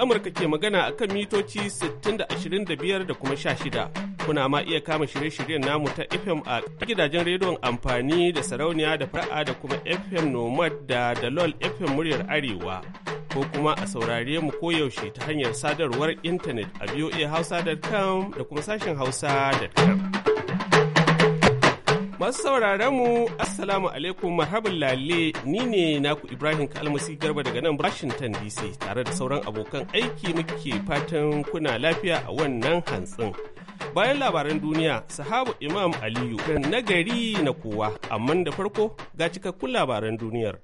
Amurka ke magana a kan mitoci 6025 da kuma shida Kuna ma iya kama shirye-shiryen namu ta FM a gidajen rediyon amfani da sarauniya da fara'a da kuma FM Nomad da Dalol FM muryar Arewa. Ko kuma a saurare mu koyaushe ta hanyar sadarwar intanet a voahausa.com da kuma sashen hausa.com. Masu sauraron mu Assalamu alaikum marhaban lalle ni ne naku Ibrahim Kalmasi Garba daga nan Washington DC tare da sauran abokan aiki muke fatan kuna lafiya a wannan hantsin. Bayan labaran duniya, sahabu Imam Aliyu kan nagari na kowa, amma da farko ga cikakkun labaran duniyar.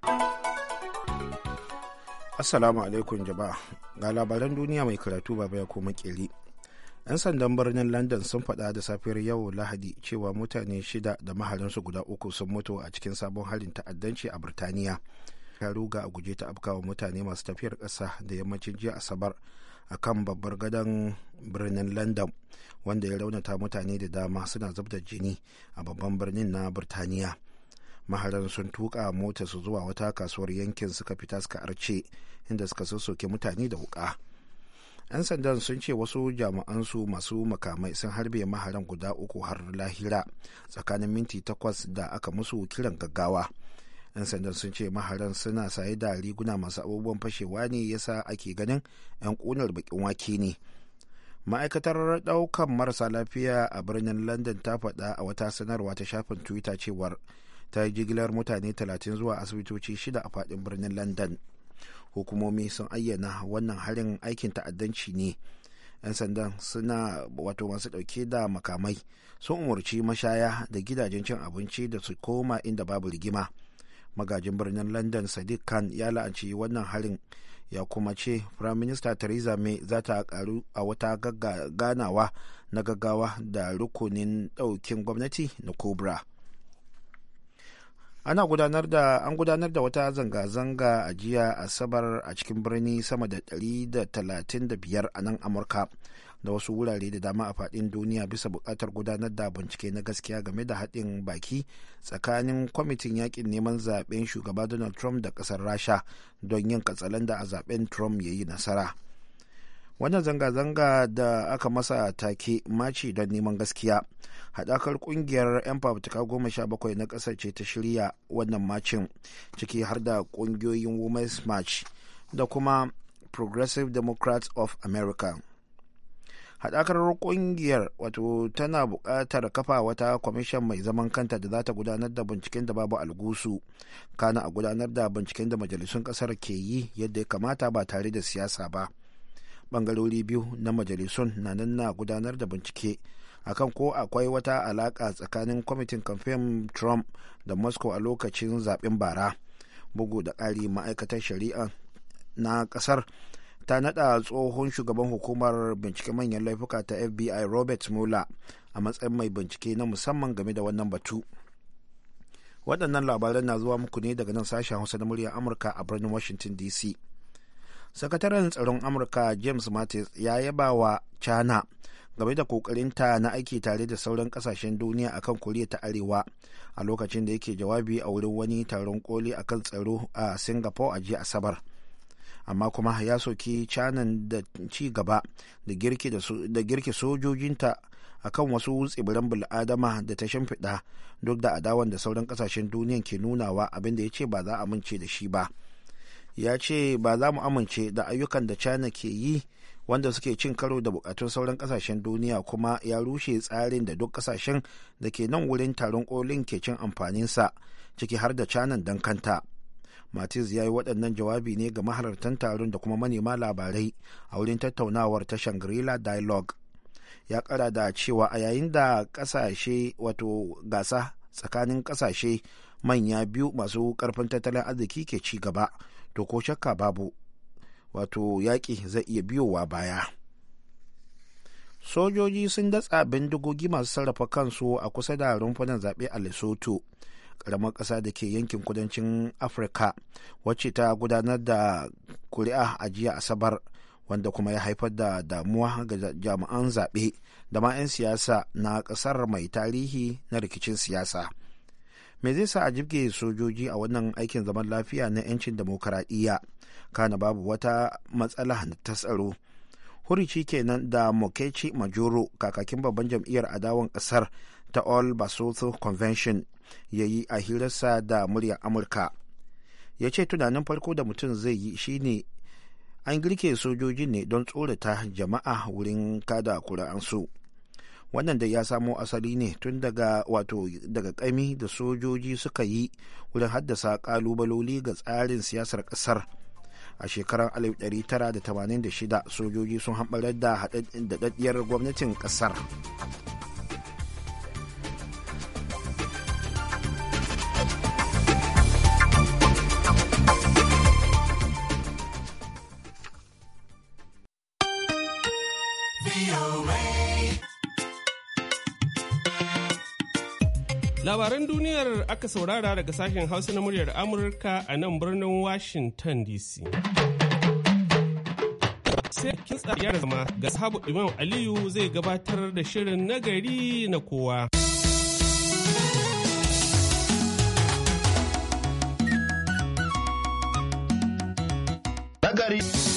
Assalamu alaikum jama'a, ga labaran duniya mai karatu baba ya koma kiri. 'yan sandan birnin london sun faɗa da safiyar yau lahadi cewa mutane shida da mahalinsu guda uku sun mutu a cikin sabon halin ta'addanci a birtaniya ya ruga a guje ta afkawa mutane masu tafiyar ƙasa da yammacin jiya asabar a kan babbar gadon birnin london wanda ya raunata mutane da dama suna zub da jini a babban birnin na birtaniya maharan sun tuka su zuwa wata kasuwar yankin suka fita suka arce inda suka sassoke mutane da wuka. 'yan sandan sun ce wasu jami'an su masu makamai sun harbe maharan guda uku har lahira tsakanin minti takwas da aka musu kiran gaggawa 'yan sandan sun ce maharan suna saye da riguna masu abubuwan fashewa ne yasa ake ganin 'yan kunar bakin wake ne ma'aikatar daukan marasa lafiya a birnin london ta faɗa a wata sanarwa ta shafin twitter cewar ta jigilar mutane 30 zuwa asibitoci shida a faɗin birnin london hukumomi sun ayyana wannan harin aikin ta'addanci ne 'yan sandan suna wato masu ɗauke da makamai sun umarci mashaya da gidajen cin abinci da su koma inda babu rigima magajin birnin london sadiq khan ya la'anci wannan harin ya kuma ce prime minister theresa may za ta karu a wata ganawa na gaggawa da rukunin daukin gwamnati na cobra ana gudanar da an gudanar da wata zanga-zanga a jiya asabar a cikin birni sama da 135 a nan amurka da wasu wurare da dama a fadin duniya bisa buƙatar gudanar da bincike na gaskiya game da haɗin baki tsakanin kwamitin yakin neman zaben shugaba donald trump da ƙasar rasha don yin katsalanda a zaben trump ya yi nasara wannan zanga-zanga da aka masa take maci don neman gaskiya haɗakar ƙungiyar 'yan fafutuka goma sha bakwai na ƙasar ce ta shirya wannan macin ciki har da ƙungiyoyin women's march da kuma progressive democrats of america haɗakar ƙungiyar wato tana buƙatar kafa wata kwamishin mai zaman kanta da za ta gudanar da binciken da babu algusu kana a gudanar da binciken da majalisun ƙasar ke yi yadda ya kamata ba tare da siyasa ba bangarori biyu na majalisun na nan na gudanar da bincike akan ko akwai wata alaka tsakanin kwamitin kamfen trump da moscow a lokacin zaben bara bugu da ƙari ma'aikatar shari'a na ƙasar ta nada tsohon shugaban hukumar bincike manyan laifuka ta fbi robert mueller a matsayin mai bincike na musamman game da wannan batu waɗannan labaran na zuwa muku ne daga nan sashen hausa na muryar amurka a birnin washington dc sakataren tsaron amurka james mattis ya yaba wa china game da kokarinta na aiki tare da sauran kasashen duniya akan koriya ta arewa a lokacin da yake jawabi a wurin wani taron koli akan tsaro a singapore a jiya asabar amma kuma ya soki canan da ci gaba da girki sojojinta a kan wasu tsibiran bil'adama da ta shimfiɗa duk da adawan da sauran kasashen duniya ke nunawa abinda da ya ce ba za a mince da shi ba. ya ce ba za mu amince da ayyukan da china ke yi wanda suke cin karo da bukatun sauran kasashen duniya kuma ya rushe tsarin da duk kasashen da ke nan wurin taron kolin ke cin amfaninsa ciki har da canan don kanta matiz ya yi waɗannan jawabi ne ga mahalartan taron da kuma manema labarai a wurin tattaunawar ta shangri-la dialogue ya kara da cewa a yayin da ƙasashe wato gasa tsakanin ƙasashe manya biyu masu ƙarfin tattalin arziki ke ci gaba to ko shakka babu wato yaƙi zai iya biyowa baya sojoji sun datsa bindigogi masu sarrafa kansu a kusa da rumfunan zaɓe a lesotho ƙaramar ƙasa da ke yankin kudancin afirka wacce ta gudanar da kuri'a a jiya asabar wanda kuma ya haifar da damuwa ga jami'an zaɓe da ma 'yan siyasa na ƙasar mai tarihi na rikicin siyasa. me zai sa a jibge sojoji a wannan aikin zaman lafiya na 'yancin demokaradiyya kana babu wata matsala ta tsaro hurici kenan da mokechi majoro kakakin babban jam'iyyar adawan ƙasar ta all basotho convention ya yi a hirarsa da muryar amurka ya ce tunanin farko da mutum zai yi shine an girke sojoji ne don tsorata jama'a wurin kada kuri'ansu. su wannan da ya samo asali ne tun daga wato daga kami da sojoji suka yi wurin haddasa kalubaloli ga tsarin siyasar kasar a shekarar 1986 sojoji sun hambarar da daɗaɗɗiyar gwamnatin kasar duniyar aka saurara daga sashen Hausa na muryar Amurka a nan birnin Washington DC. Sai kin ya zama ga sahabu Imam Aliyu zai gabatar da shirin nagari na kowa. Nagari.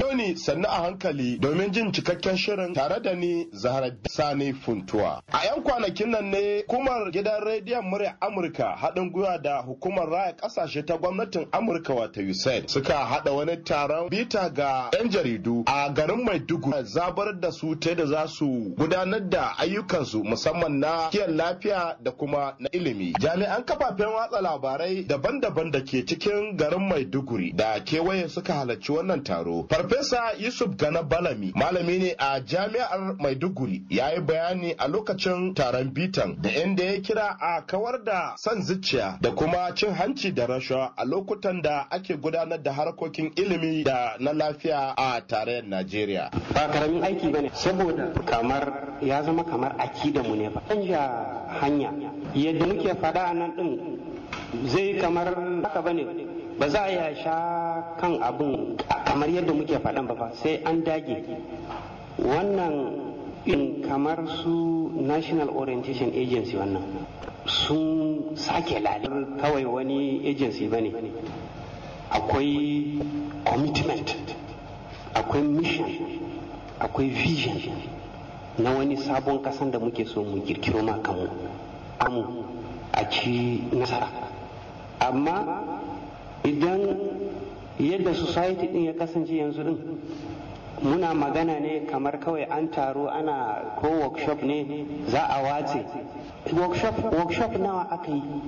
biyo ni sannu a hankali domin jin cikakken shirin tare da ni Zahra Sani Funtuwa. A 'yan kwanakin nan ne hukumar gidan rediyon murya Amurka haɗin gwiwa da hukumar raya ƙasashe ta gwamnatin Amurka wata USAID suka haɗa wani taron bita ga 'yan jaridu a garin Maiduguri zabar da su ta da za su gudanar da ayyukansu musamman na kiyan lafiya da kuma na ilimi. Jami'an kafafen watsa labarai daban-daban da ke cikin garin Maiduguri da kewaye suka halarci wannan taro. Farfesa Yusuf Gana Balami malami ne a jami'ar Maiduguri ya yi bayani a lokacin taron bitan da inda ya kira a kawar da son zuciya da kuma cin hanci da rashawa a lokutan da ake gudanar da harkokin ilimi da na lafiya a tarayyar Najeriya. Ba karamin aiki bane saboda kamar ya zama kamar akida mu ne ba. Canja hanya yadda muke faɗa a nan ɗin zai kamar haka bane ba za a ya sha kan abin kamar yadda muke faɗan ba sai an dage wannan in kamar su national orientation agency wannan sun sake lalar kawai wani agency ba ne akwai commitment akwai mission akwai vision na wani sabon kasan da muke so mu girkiro ma kamu amu a ci nasara amma idan yadda society din ya kasance yanzu din muna magana ne kamar kawai an taro ana ko workshop ne za a wace workshop, nawa aka yi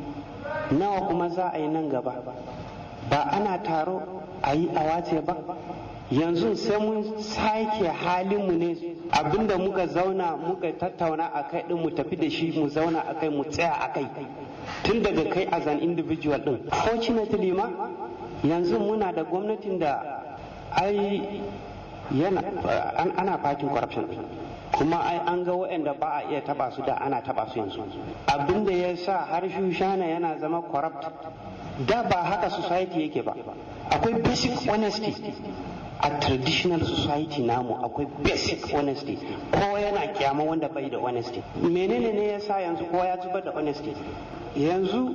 nawa kuma za a yi nan gaba ba ana taro a yi a wace ba yanzu sai mun sake halinmu ne abinda muka zauna muka tattauna a kai din mu tafi da shi mu zauna a kai mu tsaya a kai tun daga kai as an individual din fortunately ma yanzu muna da gwamnatin da ai ana fatin corruption kuma ai an ga waɗanda ba a iya taba su da ana taba su yanzu abinda ya sa har shushana yana zama corrupt da ba haka society yake ba akwai basic honesty a traditional society namu akwai basic honesty ko yana kyama wanda bai da honesty menene ne ya sa yanzu kowa ya zubar da honesty yanzu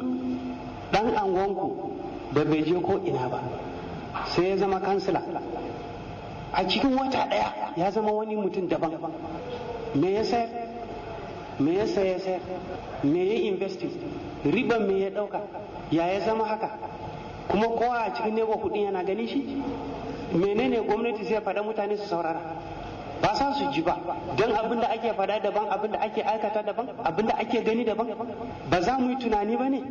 dan angonku da bai je ko ina ba sai ya zama kansila a cikin wata daya ya zama wani mutum daban me ya sayar me ya sayar me ya investi riban me ya dauka ya ya zama haka kuma kowa a cikin nebo kudin yana gani shi menene gwamnati zai faɗa mutane su saurara ba sa su ji ba don abin da ake faɗa daban abin da ake aikata daban abin da ake gani daban ba za mu yi tunani ba ne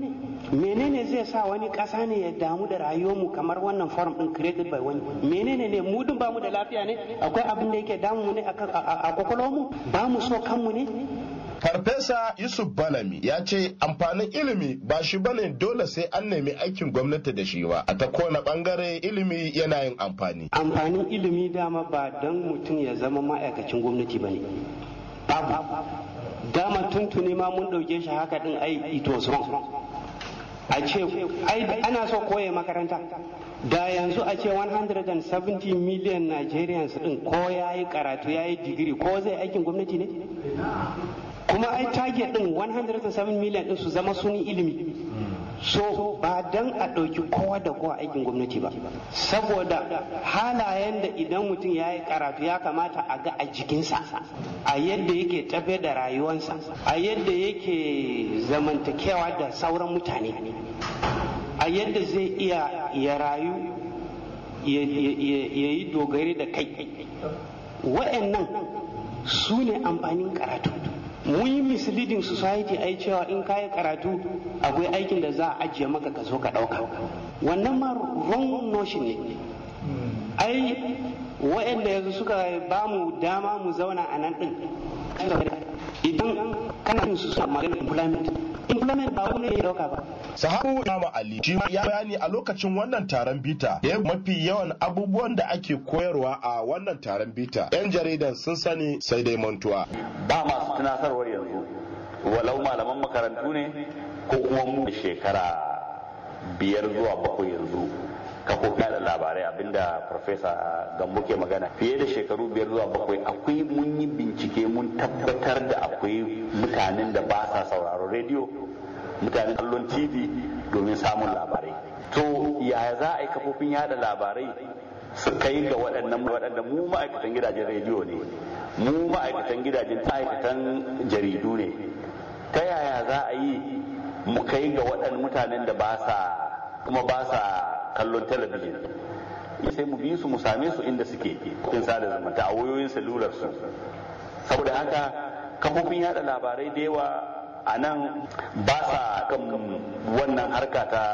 menene zai sa wani ƙasa ne ya damu da rayuwarmu kamar wannan form ɗin created by wani menene ne mudun ba mu da lafiya ne akwai abin da yake damu ne a kwakwalwarmu ba mu so kanmu ne Farfesa Yusuf Balami ya ce amfanin ilimi ba shi bane dole sai an nemi aikin gwamnati da shi ba a ta kona bangare ilimi yana yin amfani. Amfanin ilimi dama ba don mutum ya zama ma'aikacin gwamnati ba ne. Babu. Dama tuntuni ma mun ɗauke shi haka ɗin ai ito A ce ana so koya makaranta. da yanzu a ce 170 million Nigerians din ko ya yi karatu ya yi digiri ko zai aikin gwamnati ne? kuma ai target din 107 million din su zama sun ilimi so ba dan a ɗauki kowa da kowa aikin gwamnati ba saboda halayen da idan mutum ya yi karatu ya kamata a ga a jikinsa a yadda yake tafe da rayuwansa a yadda yake zamantakewa da sauran mutane a yadda zai iya ya rayu ya yi dogari da kai wa'annan su ne amfanin karatu Muyi misleading society ai cewa in ka yi karatu akwai aikin da za a ajiye maka ka zo ka ɗauka wannan ma wrong notion ne ai waɗanda yanzu suka ba mu dama mu zauna a nan ɗin idan kana su suna maganin employment ba ya dauka ba sahabu imamu ali shi ya bayani a lokacin wannan taron bita da mafi yawan abubuwan da ake koyarwa a wannan taron bita yan jaridan sun sani sai dai mantuwa ba masu tunatarwar yanzu walau malaman makarantu ne ko kuma mu shekara biyar zuwa bakwai yanzu kafofin yada labarai abinda Profesa Gambo ke magana fiye da shekaru biyar zuwa bakwai akwai mun yi bincike mun tabbatar da akwai mutanen da ba sa sauraron rediyo mutanen kallon TV domin samun labarai. To yaya za a yi kafofin yada labarai su kai ga waɗannan waɗanda mu ma'aikatan gidajen rediyo ne mu ma'aikatan gidajen ma'aikatan jaridu ne ta yaya za a yi mu kai ga waɗannan mutanen da ba sa kuma ba sa kallon talabijin sai mu bi su mu same su inda suke cikin sada zumunta a wayoyin salular su saboda haka kafofin yada labarai da yawa a nan ba sa kan wannan harka ta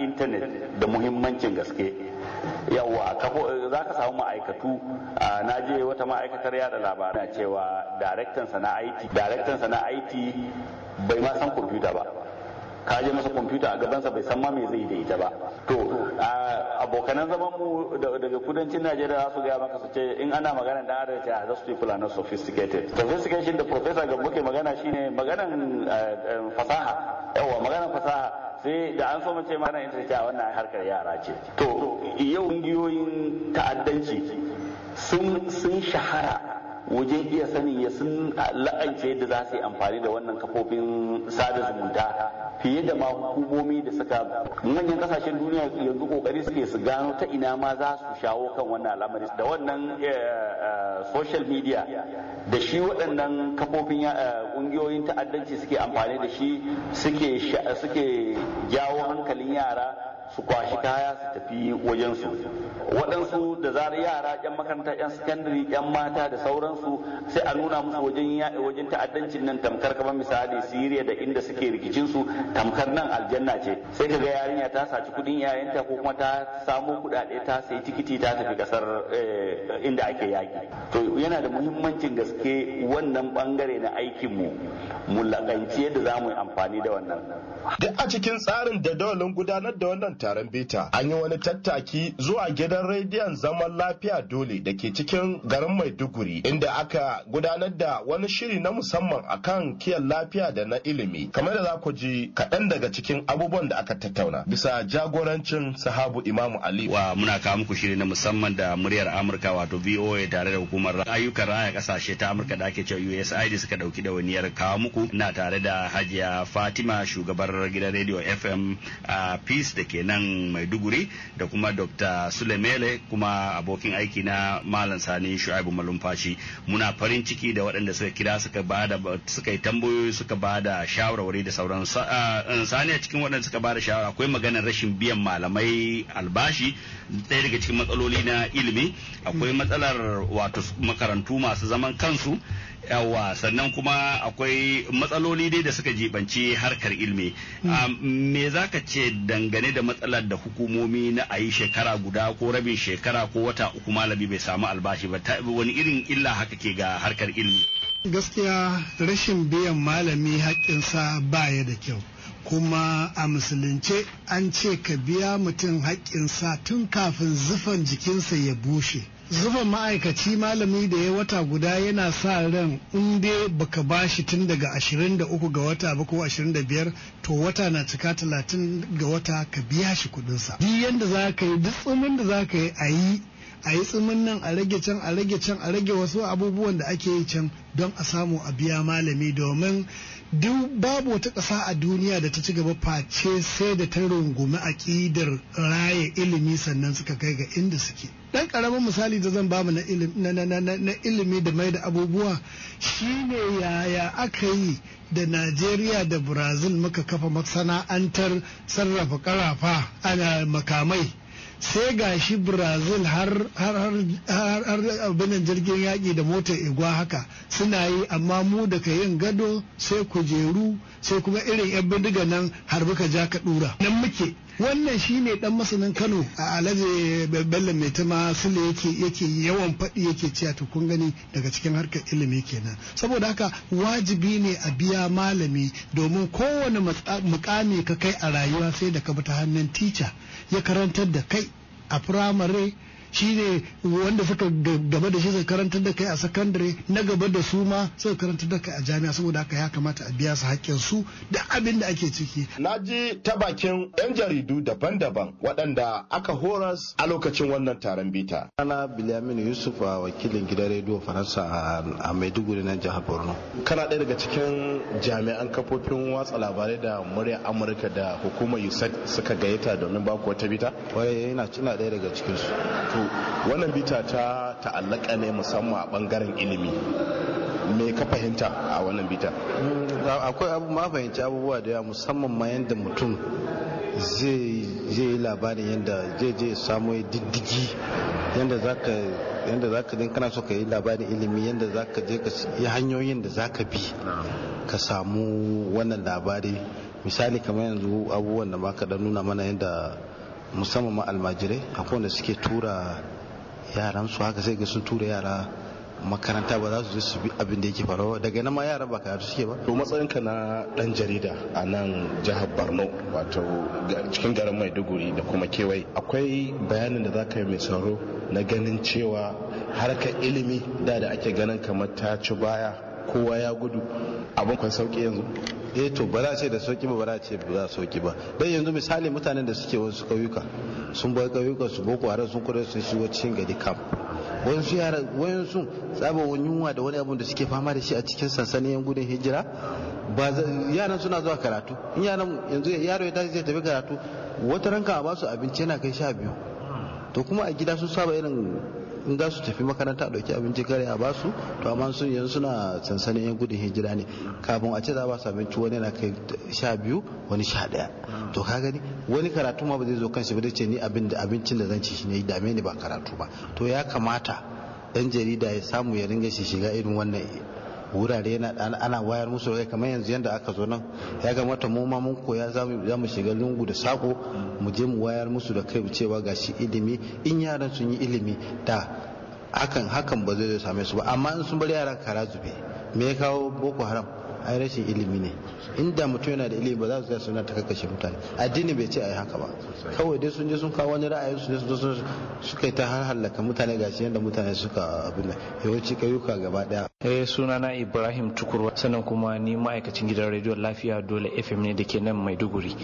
intanet da muhimmancin gaske yawwa za ka samu ma'aikatu na je wata ma'aikatar yada labarai na cewa daraktansa na it bai ma san kwamfuta ba ka je masa kwamfuta a gabansa bai san ma me zai da ita ba to abokanan zaman mu daga kudancin najeriya za su gaya maka su ce in ana magana da ce za su yi fulani sophisticated sophistication da professor ga muke magana shine maganan eh, eh, fasaha yawa maganan fasaha sai da an so mace mana ita ce ah, wannan harkar yara ce to yau ƙungiyoyin ta'addanci sun shahara wajen iya sanin ya sun la'ance yadda za su yi amfani da wannan kafofin sada zumunta fiye da ma da suka manyan kasashen duniya yanzu kokari suke su gano ta ina ma za su shawo kan wannan al'amari da wannan eh, eh, social media da shi waɗannan kafofin eh, ƙungiyoyin ta'addanci suke amfani da shi suke jawo hankalin yara su kwashi kaya su tafi su. waɗansu da zara yara 'yan makaranta 'yan sakandare 'yan mata da sauransu sai a nuna musu wajen wajen ta'addancin nan tamkar kamar misali siriya da inda suke rikicin su tamkar nan aljanna ce sai ka ga yarinya ta saci kuɗin yayanta ko kuma ta samo kuɗaɗe ta sayi tikiti ta tafi ƙasar eh, inda ake yaƙi to yana da muhimmancin gaske wannan bangare na aikin mu laƙanci yadda za mu yi amfani da wannan duk a cikin tsarin da dawalin gudanar da wannan taron beta an yi wani tattaki zuwa gidan rediyon zaman lafiya dole da ke cikin garin maiduguri inda aka gudanar da wani shiri na musamman akan kiyan lafiya da na ilimi kamar da za ku ji kaɗan daga cikin abubuwan da aka tattauna bisa jagorancin sahabu imamu ali wa muna kawo muku shiri na musamman da muryar amurka wato voa tare da hukumar ayyukan raya kasashe ta amurka da ake cewa usaid suka ɗauki waniyar kawo muku na tare da hajiya fatima shugabar gidan rediyo fm a peace da ke nan maiduguri da kuma dr sulemele kuma abokin aiki na malam sani shu'aibu malumfashi muna farin ciki da waɗanda suka kira suka da suka yi tambayoyi suka ba da shawarwari da sauran sani a cikin waɗanda suka ba da shawara akwai maganar rashin biyan malamai albashi ɗaya daga cikin matsaloli na ilimi akwai matsalar wato makarantu masu zaman kansu yawa sannan kuma akwai matsaloli dai da suka jibanci harkar ilimi hmm. me za ka ce dangane da matsalar da hukumomi na ayi shekara guda ko rabin shekara ko wata uku malami bai samu albashi ba ta wani irin illa haka ke ga harkar ilimi gaskiya rashin biyan malami haƙƙinsa ya da kyau kuma a musulunce an ce ka biya mutum haƙƙinsa tun kafin zufan jikinsa ya bushe zuba ma'aikaci malami da ya wata guda yana sa ran in dai baka ba shi tun daga 23 ga wata ba ko 25 to wata na cika 30 ga wata ka biya shi kudinsa duk yanda za ka yi duk tsumin da za ka yi a yi a yi tsimin nan a rage can a rage can a rage wasu abubuwan da ake yi can don a samu a biya malami domin duk babu wata ƙasa a duniya da ta ci gaba face sai da ta rungumi aƙidar raye ilimi sannan suka kai ga inda suke dan karamin misali da zan bamu na ilimi da mai da abubuwa shine yaya aka yi da najeriya da brazil muka kafa masana'antar sarrafa karafa ana makamai sai ga shi brazil har abinan jirgin yaƙi da motar igwa haka suna yi amma mu daga yin gado sai kujeru sai kuma irin 'yan bindiga nan har muka ja ka ɗura nan muke wannan shine dan masanin Kano a Alhaji Bello mai tama Sule yake yake yawan faɗi yake cewa to kun gani daga cikin harkar ilimi kenan saboda haka wajibi ne a biya malami domin kowane mukami ka kai a rayuwa sai da ka bi ta hannun tica ya karantar da kai a firamare Shi ne wanda suka gaba da shi suka karantar da kai a sakandare na gaba da su ma suka karantar da kai a jami'a saboda haka ya kamata a biya su haƙƙin su da abin da ake ciki na ji ta bakin yan jaridu daban-daban waɗanda aka horas a lokacin wannan taron bita ana biliyamin yusuf a wakilin gidan rediyo faransa a maiduguri na jihar borno kana ɗaya daga cikin jami'an kafofin watsa labarai da murya amurka da hukumar usaid suka gayyata domin ku wata bita wai yana ɗaya daga cikinsu to wannan bita ta ta'allaka ne musamman a bangaren ilimi me ka fahimta a wannan bita mm, akwai abu ma fahimci abubuwa da yawa musamman ma yadda mutum zai yi labarin yadda zai je samu diddigi yadda za ka yadda za ka kana so ka yi labarin ilimi yadda za ka je ka yi hanyoyin da za ka bi ka samu wannan labari misali kamar yanzu abubuwan da ma ka nuna mana yadda musamman ma almajirai akwai wanda suke tura yaran su haka sai ga sun tura yara makaranta ba za su je su bi abin da yake faruwa daga nan ma yara ba karatu suke ba to matsayinka na dan jarida a nan jihar Borno wato cikin garin Maiduguri da kuma kewaye akwai bayanin da zaka yi mai tsaro na ganin cewa harkar ilimi da da ake ganin kamar ta ci baya kowa ya gudu abin kun sauki yanzu eh to ba za a ce da sauki ba ba za a ce ba za sauki ba dan yanzu misali mutanen da suke wasu ƙauyuka sun bar ƙauyuka su boko haram sun kudai sun shigo cikin gari kam wasu yara wayansu tsaba wani yunwa da wani abun da suke fama da shi a cikin sansanin yan gudun hijira ba yaran suna zuwa karatu in yaran yanzu yaro ya tashi zai tafi karatu wata ranka a basu abinci yana kai sha biyu to kuma a gida sun saba irin in za su tafi makaranta a ɗauki abinci kare a basu to amma sun yanzu suna sansanin yan gudun hijira ne kafin a ce za ba su abinci wani na kai sha biyu wani sha ɗaya hmm. to ka gani wani karatu ma ba zai zo kanshi ba zai ce ni abincin da zan ci shi ne dame ni ba karatu ba to ya kamata ɗan jarida ya samu ya ringa shi shiga irin wannan wurare ana wayar musu rai kamar yanzu yadda aka zo nan ya ga mata mu ma mun koya za mu shiga lungu da sako mu je mu wayar musu da kai cewa ga shi ilimi in yaran sun yi ilimi da hakan hakan ba zai same su ba amma in sun bar yaran kara zube me ya kawo boko haram ai rashin ilimi ne inda mutum yana da ilimi ba za su zai suna ta kakashe mutane addini bai ce yi haka ba kawai dai sun je sun kawo wani ra'ayin su ne su suka yi ta har halaka mutane gashi yadda mutane suka abin da yawanci kayuka gaba daya eh sunana Ibrahim tukurwa sannan kuma ni ma'aikacin gidan rediyon lafiya dole FM ne da ke nan Maiduguri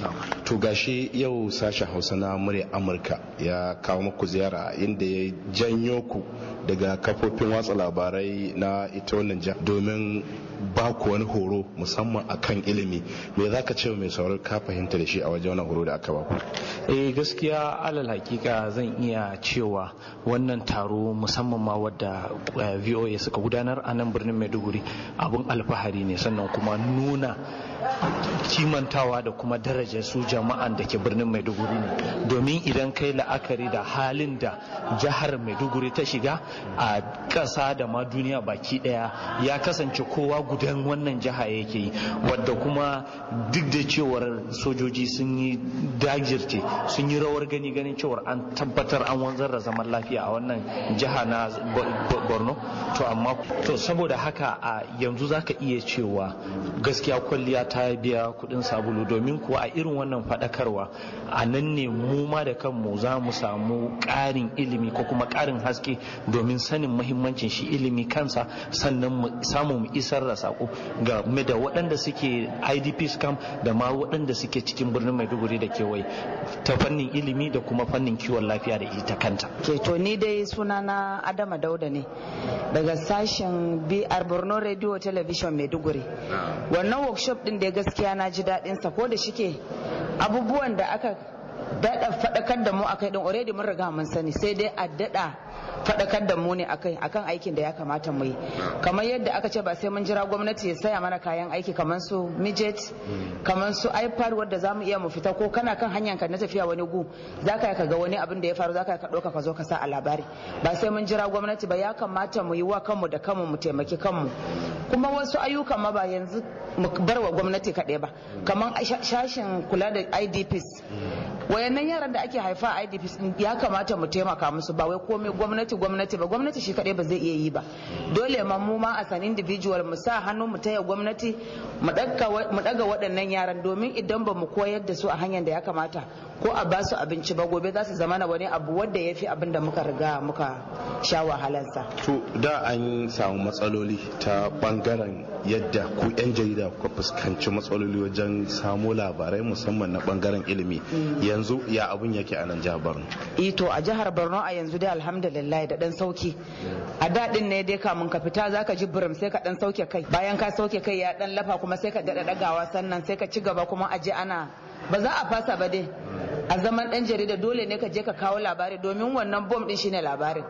to gashi yau sashen Hausa na murya Amurka ya kawo muku ziyara inda ya janyo ku daga kafofin watsa labarai na ita wannan domin ba ku wani horo musamman akan ilimi me za ka ce mai saurar ka fahimta da shi a wajen wani horo da aka ba eh gaskiya alal hakika zan iya cewa wannan taro musamman ma wadda eh, VOA suka gudanar a nan birnin Maiduguri abun alfahari ne sannan kuma nuna kimantawa da kuma darajar su jama'an da ke birnin maiduguri ne domin idan kai la'akari da halin da jihar maiduguri ta shiga a ƙasa da ma duniya baki ɗaya ya kasance kowa magudan wannan jiha yake yi wadda kuma duk da cewar sojoji sun yi dajirce sun yi rawar gani ganin cewar an tabbatar an wanzar da zaman lafiya a wannan jiha na borno to amma to saboda haka a yanzu zaka iya cewa gaskiya kwalliya ta biya kudin sabulu domin kuwa a irin wannan fadakarwa a nan ne mu ma da kanmu za mu samu ƙarin ilimi ko kuma ƙarin haske domin sanin mahimmancin shi ilimi kansa sannan samu mu isar da tura sako game da waɗanda suke idp scam da ma waɗanda suke cikin birnin maiduguri da kewaye ta fannin ilimi da kuma fannin kiwon lafiya da ita kanta ke to ni dai suna na adama dauda ne daga sashen br borno radio television maiduguri wannan workshop din da gaskiya na ji daɗinsa ko da shike abubuwan da aka daɗa faɗakar da mu akai ɗin already mun riga mun sani sai dai a daɗa faɗakar da mu ne akai akan aikin da ya kamata mu yi kamar yadda aka ce ba sai mun jira gwamnati ya saya mana kayan aiki kamar su midget kamar su ipad wadda za mu iya mu fita ko kana kan hanyar ka na tafiya wani gu za ka ka ga wani abin da ya faru za ka ka ɗauka ka zo ka sa a labari ba sai mun jira gwamnati ba ya kamata mu yi wa kanmu da kanmu mu taimaki kanmu kuma wasu ayyukan ma ba yanzu mu bar wa gwamnati kaɗai ba kamar shashin kula da idps wayannan yaran da ake haifa a idps ya kamata mu taimaka musu ba wai komai gwamnati gwamnati ba gwamnati shi kaɗai ba zai iya yi ba dole ma mu ma as an individual mu sa hannu mu taya gwamnati mu ɗaga waɗannan yaran domin idan ba mu koyar da su a hanyar da ya kamata ko a basu abinci ba gobe za su zama na wani abu wanda ya fi abin da muka riga muka sha wahalansa. To da an samu matsaloli ta bangaren yadda ku 'yan jarida kuka fuskanci matsaloli wajen samu labarai musamman na bangaren ilimi mm. yanzu ya abin yake a nan jihar Borno. Ito eh a jihar Borno a yanzu dai alhamdulillah da dan sauki a daɗin ne dai kamun ka fita zaka ji birim sai ka dan sauke kai bayan ka sauke kai ya dan lafa kuma sai ka daɗa ɗagawa sannan sai ka ci gaba kuma aje ana ba za a fasa ba dai a zaman dan jarida dole ne ka je ka kawo labari domin wannan bom din shine labarin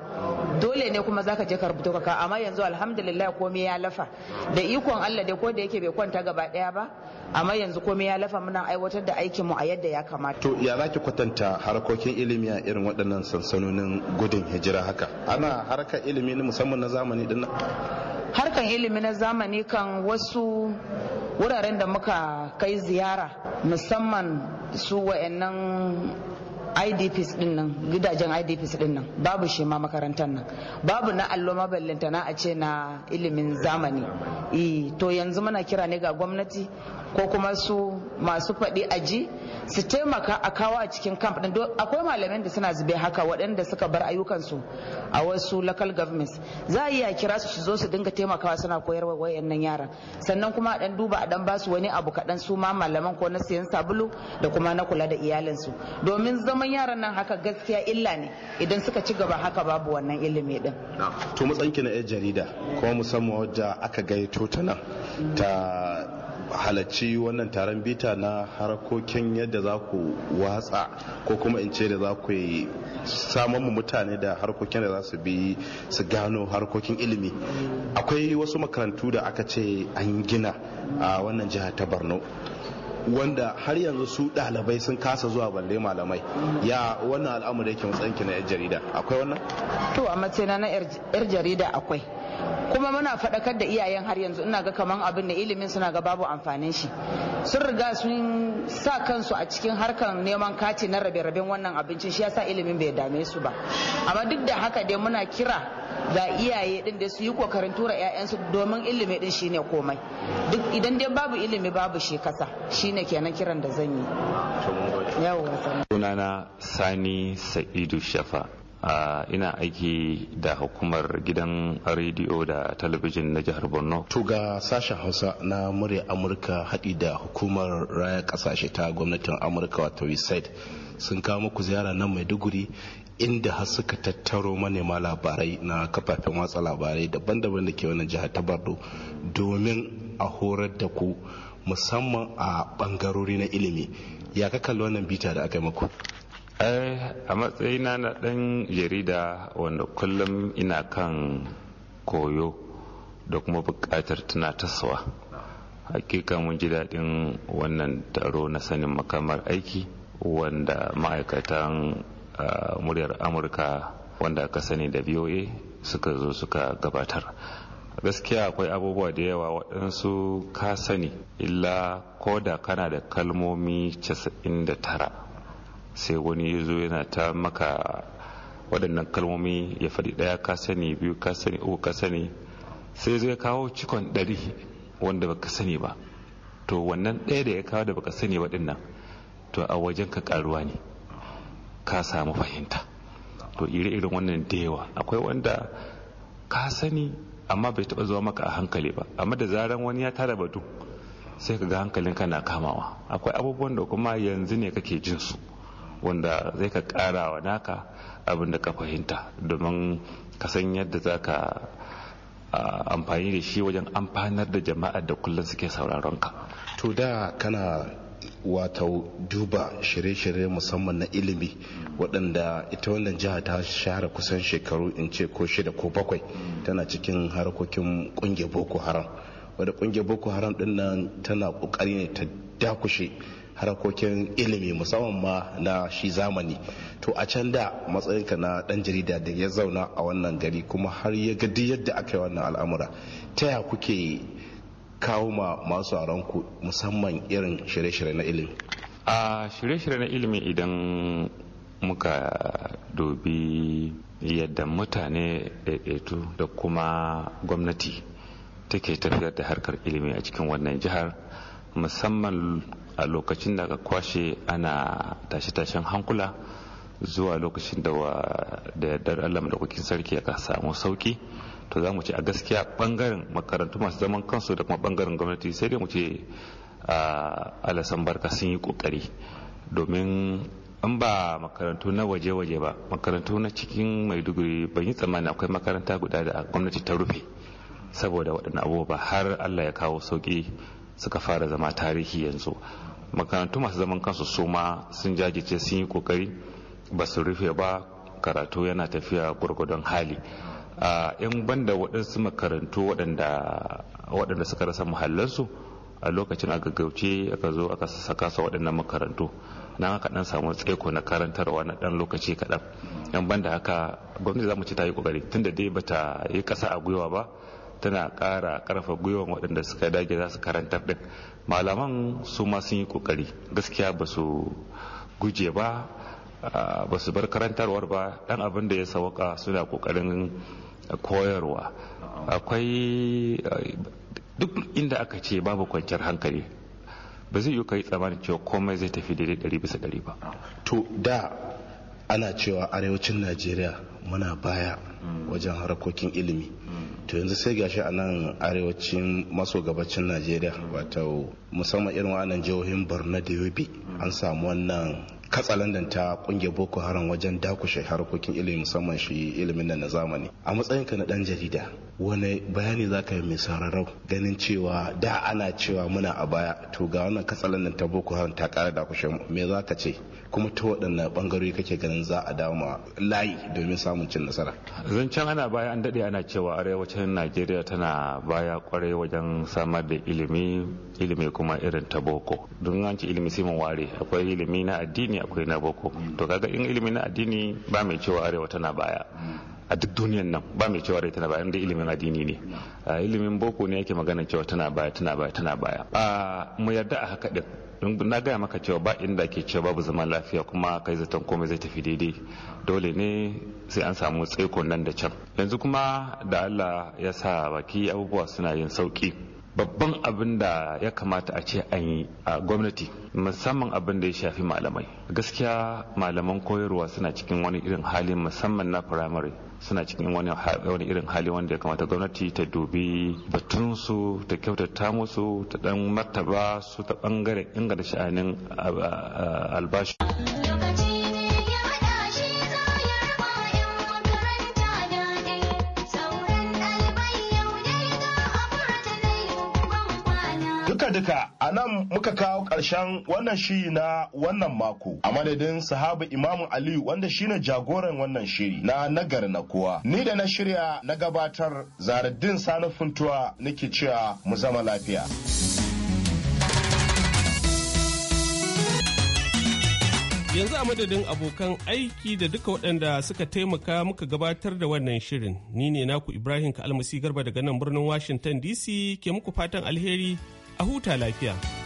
dole ne kuma zaka je ka rubuta ka kawo amma yanzu alhamdulillah komai ya lafa da ikon Allah dai ko da yake bai kwanta gaba daya ba amma yanzu komai ya lafa muna aiwatar da aikin mu a yadda ya kamata to ya zaki kwatanta harkokin ilimi a irin waɗannan sansanonin gudun hijira haka ana harkar ilimi musamman na zamani din harkan ilimi na zamani kan wasu wuraren da muka kai ziyara musamman su wa'annan idps din nan gidajen idps din nan babu shi ma makarantar nan babu na allo maballanta na a ce na ilimin zamani e, to yanzu muna kira ne ga gwamnati ko kuma su masu faɗi a ji su taimaka a kawo a cikin camp din akwai malamin da suna zube haka waɗanda suka bar ayyukansu a wasu local governments za a iya kira su su zo su dinga taimakawa suna koyarwa wayannan yaran sannan kuma a dan duba a dan su wani abu kaɗan su ma malaman ko na siyan sabulu da kuma na kula da iyalinsu domin zaman yaran nan haka gaskiya illa ne idan suka ci gaba haka babu wannan ilimi din to matsayinki na 'yan jarida kuma musamman wadda aka gayyato ta nan ta halarci wannan taron bita na harkokin yadda za ku watsa ko kuma in ce da za ku yi samun mu mutane da harkokin da za su bi su gano harkokin ilimi akwai wasu makarantu da aka ce an gina a wannan jihar ta borno wanda har yanzu su dalibai sun kasa zuwa balle malamai ya wannan al'amura yake matsayin na 'yar jarida akwai wannan to a sai na 'yar jarida akwai kuma muna faɗakar da iyayen har yanzu ina ga kaman abin da ilimin suna ga babu amfanin shi sun riga sun sa kansu a cikin harkar neman kati na rabe-raben wannan abincin shi yasa ilimin bai dame su ba amma duk da haka dai muna kira ga iyaye din da su yi kokarin tura 'ya'yansu domin ilimi din shine komai duk idan dai babu ilimi babu shi kasa shine kenan kiran da zan yi sunana sani sa'idu shafa ina aiki da hukumar gidan rediyo da talabijin na jihar borno to ga sashen hausa na murya amurka haɗi da hukumar raya ƙasashe ta gwamnatin amurka wato usaid sun kawo muku ziyara nan maiduguri inda har suka tattaro manema labarai na kafafen watsa labarai daban-daban da ke wannan jihar ta bardo domin a horar da ku musamman a bangarori na ilimi ya ka kalli wannan bita da aka yi muku Eh, a matsayina na ɗan jarida wanda kullum ina kan koyo da kuma buƙatar tunatarwa hakika mun ji daɗin wannan taro na sanin makamar aiki wanda ma'aikatan eh, muryar amurka wanda ka sani da voa suka zo suka gabatar gaskiya akwai abubuwa da yawa waɗansu ka sani illa ko da kana da kalmomi 99 sai wani ya zo yana ta maka waɗannan kalmomi ya faɗi ɗaya ka sani biyu ka sani uku ka sani sai zai kawo cikon ɗari wanda baka sani ba to wannan ɗaya da ya kawo da baka sani ba ɗinnan to a wajen ka ƙaruwa ne ka samu fahimta to ire irin wannan da yawa akwai wanda ka sani amma bai taɓa zuwa maka a hankali ba amma da zaran wani ya tara batu sai ka ga hankalin kana kamawa akwai abubuwan da kuma yanzu ne kake jin su wanda zai ka ƙara wa naka abin da ka fahimta domin ka san yadda za ka amfani da shi wajen amfanar da jama'a da kullum suke sauraron ka to da kana wata duba shirye-shirye musamman na ilimi waɗanda ita wannan jiha ta share kusan shekaru in ce ko shida ko bakwai tana cikin harkokin ƙungiyar boko haram wadda ƙungiyar boko haram ɗin nan tana ƙoƙari ne ta dakushe harkokin ilimi musamman ma na shi zamani to a can da matsayinka na dan jarida da ya zauna a wannan gari kuma har ya gadi yadda aka yi wannan al'amura ta ya kuke kawo ma masu ku musamman irin shirye-shirye na ilimi a shirye-shirye na ilimi idan muka dobi yadda mutane ɗaiɗaitu da kuma gwamnati take tafiyar da harkar ilimi a cikin wannan jihar musamman a lokacin da ka kwashe ana tashe-tashen hankula zuwa lokacin da da yardar Allah madaukakin sarki aka samu sauki to za mu ce a gaskiya bangaren makarantu masu zaman kansu da kuma bangaren gwamnati sai dai mu ce alasan barka sun yi kokari domin an ba makarantu na waje-waje ba makarantu na cikin maiduguri ban yi tsammani akwai makaranta guda da gwamnati ta rufe saboda waɗannan abubuwa har allah ya kawo sauki suka fara zama tarihi yanzu makarantu masu zaman kansu su ma sun jajice sun yi kokari ba su rufe ba karatu yana tafiya gwargwadon hali yan banda waɗansu makarantu waɗanda suka rasa muhallansu a lokacin a gaggauce aka zo aka saka su waɗannan makarantu na haka ɗan samu tsaiko na karantarwa na dan lokaci kaɗan yan banda haka gwamnati za mu ci ta yi ƙoƙari tun da dai bata yi ƙasa a gwiwa ba tana ƙara ƙarfa gwiwan waɗanda suka dage za su karantar ɗin malaman su ma sun yi kokari gaskiya ba su guje ba ba su bar karantarwar ba dan abin da ya sauka suna kokarin koyarwa akwai duk inda aka ce babu kwanciyar hankali ba zai yi kai tsammanin cewa komai zai tafi daidai ɗari bisa ɗari ba to da ana cewa arewacin najeriya muna baya wajen harkokin ilimi to yanzu sai gashi a nan arewacin maso gabacin najeriya wato musamman irin wa'annan jihohin borno da yobe an samu wannan katsalandan ta kungiyar boko haram wajen dakushe harkokin ilimi musamman shi ilimin nan na zamani a matsayinka na dan jarida wani bayani za ka yi mai sararau ganin cewa da ana cewa muna a baya to ga wannan katsalandan ta boko haram ta kara dakushe me za ka ce kuma ta waɗanne bangarori kake ganin za a dawo layi domin samun cin nasara zancen ana baya an daɗe ana cewa arewacin najeriya tana baya kwarai wajen samar da ilimi ilimi kuma irin ta boko don an ci ilimi sai ware akwai ilimi na addini addini akwai na boko to kaga in ilimin na addini ba mai cewa arewa tana baya a duk duniyan nan ba mai cewa arewa tana baya inda ilimin addini ne ilimin boko ne yake magana cewa tana baya tana baya tana baya mu yarda a haka din na gaya maka cewa ba inda ke cewa babu zaman lafiya kuma kai zaton komai zai tafi daidai dole ne sai an samu tsaiko nan da can yanzu kuma da allah ya sa baki abubuwa suna yin sauki babban abin da ya kamata a ce an yi a gwamnati musamman abin da ya shafi malamai gaskiya malaman koyarwa suna cikin wani irin hali musamman na firamare suna cikin wani irin hali wanda ya kamata gwamnati ta dubi batunsu ta kyautata musu ta dan martaba su ta bangaren inganta sha'anin albashi duka a nan muka kawo ƙarshen wannan shiri na wannan mako a madadin sahabu imamu aliyu wanda shine jagoran wannan shiri na nagar na kowa ni da na shirya na gabatar zaradin sani funtuwa nake cewa mu zama lafiya yanzu a madadin abokan aiki da duka waɗanda suka taimaka muka gabatar da wannan shirin ni ne naku ibrahim ka almasi garba daga nan birnin washington dc ke muku fatan alheri a huta lafiya.